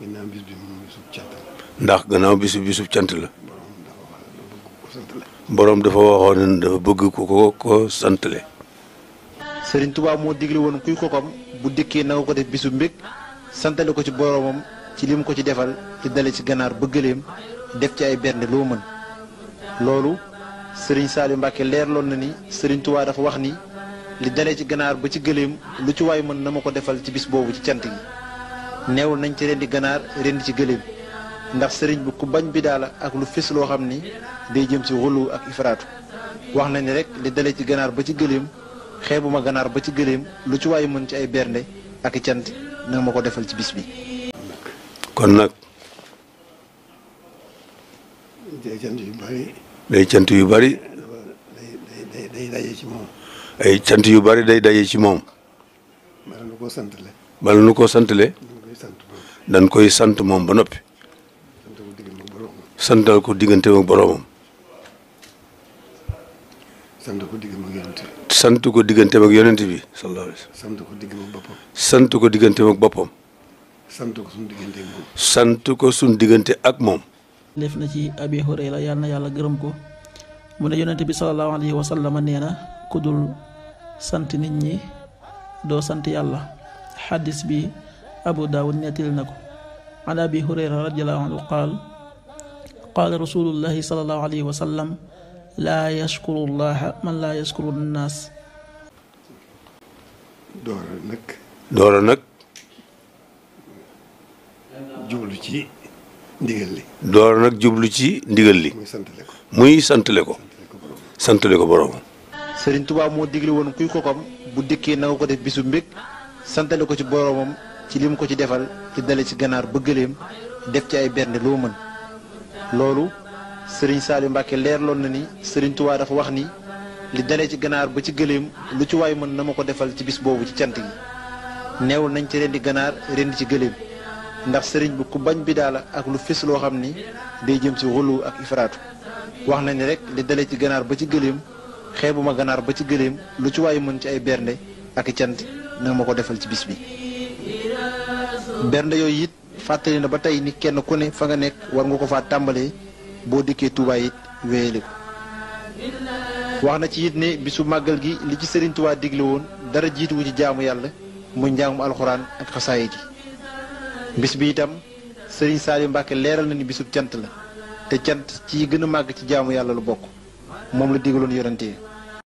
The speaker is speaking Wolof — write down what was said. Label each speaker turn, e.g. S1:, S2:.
S1: gannaaw ndax gannaaw bis bi bisub cant la. boroom dafa waxoon dafa bëgg ko ko ko santale.
S2: Serigne Touba moo digle woon kuy kokam bu dikkee na ko def bisu mbég santale ko ci boroomam ci li ko ci defal li dale ci ganaar bëggaleem def ci ay bernde loo mën loolu Serigne Saliou leer leerloon na ni sëriñ Touba dafa wax ni li dale ci ganaar ba ci gëléem lu ci waay mën na ma ko defal ci bis boobu ci cant gi. newul nañ ci rendi ganaar rendi ci gëléem ndax sëriñ bi ku bañ bi daala ak lu fis loo xam ni day jëm ci xulu ak ifraatu wax na ni rek li dalee ci ganaar ba ci gëléem ma ganaar ba ci gëléem lu ci waayu mën ci ay bernde ak cant na ma ko defal ci bis bi kon nag day
S1: cant yu bari day cant yu bari day daje ci moom cant yu bari day daje ci moom bala nu ko sant bala ko santale dan koy sant mom ba nopi santal ko diggante mom borom sant ko diggante mom yonent ko bi
S3: sallallahu alaihi wasallam
S1: sant ko diggante mom bopam
S3: sant ko diggante mom bopam
S1: sant ko sun diggante ak moom ko sun ak mom
S3: def na ci abi hurayla yal yalla yàlla ko mu ne yonent bi sallallahu alaihi wasallam neena kudul na sant nit ñi do sant yalla xadis bi abu daawud nettali na ko an abi hurayra radiallahu anhu qaal qaala rasulullahi salallahu alayhi wa sallam laa yashkuru llaha man laa yashkuru nnaas doora nag
S1: doora nag jublu ci ndigal li doora nag jublu ci ndigal li muy santale ko santale ko borom
S2: sëriñ tubaa moo digle woon kuy kokam bu dikkee na nga ko def bisu mbég santale ko ci boromam ci li ko ci defal ci dale ci ganaar ba gëléem def ci ay bernde loo mën loolu sëriñ Saliou leer leerloon na ni sëriñ Touba dafa wax ni li dale ci ganaar ba ci gëléem lu ci waay mën na ma ko defal ci bis boobu ci cant gi neewul nañ ci rendi ganaar rendi ci gëléem ndax sëriñ bi ku bañ bi daala ak lu fis loo xam ni day jëm si xulu ak ifraatu wax na ni rek li dale ci ganaar ba ci gëléem ma ganaar ba ci gëléem lu ci waay mën ci ay bernde ak cant na ma ko defal ci bis bi bernde yooyu it fàttali na ba tey ni kenn ku ne fa nga nekk war nga ko faa tàmbalee boo dikkee Touba it wéyale ko wax na ci it ne bisu màggal gi li ci Serigne Touba digle woon dara jiituwu ci jaamu yàlla mu njàngum alxuraan ak xasaayit yi bis bi itam Serigne Saliou Mbacke leeral na ni bisub cant la te cant ci gën a màgg ci jaamu yàlla lu bokk moom la digaloon yorante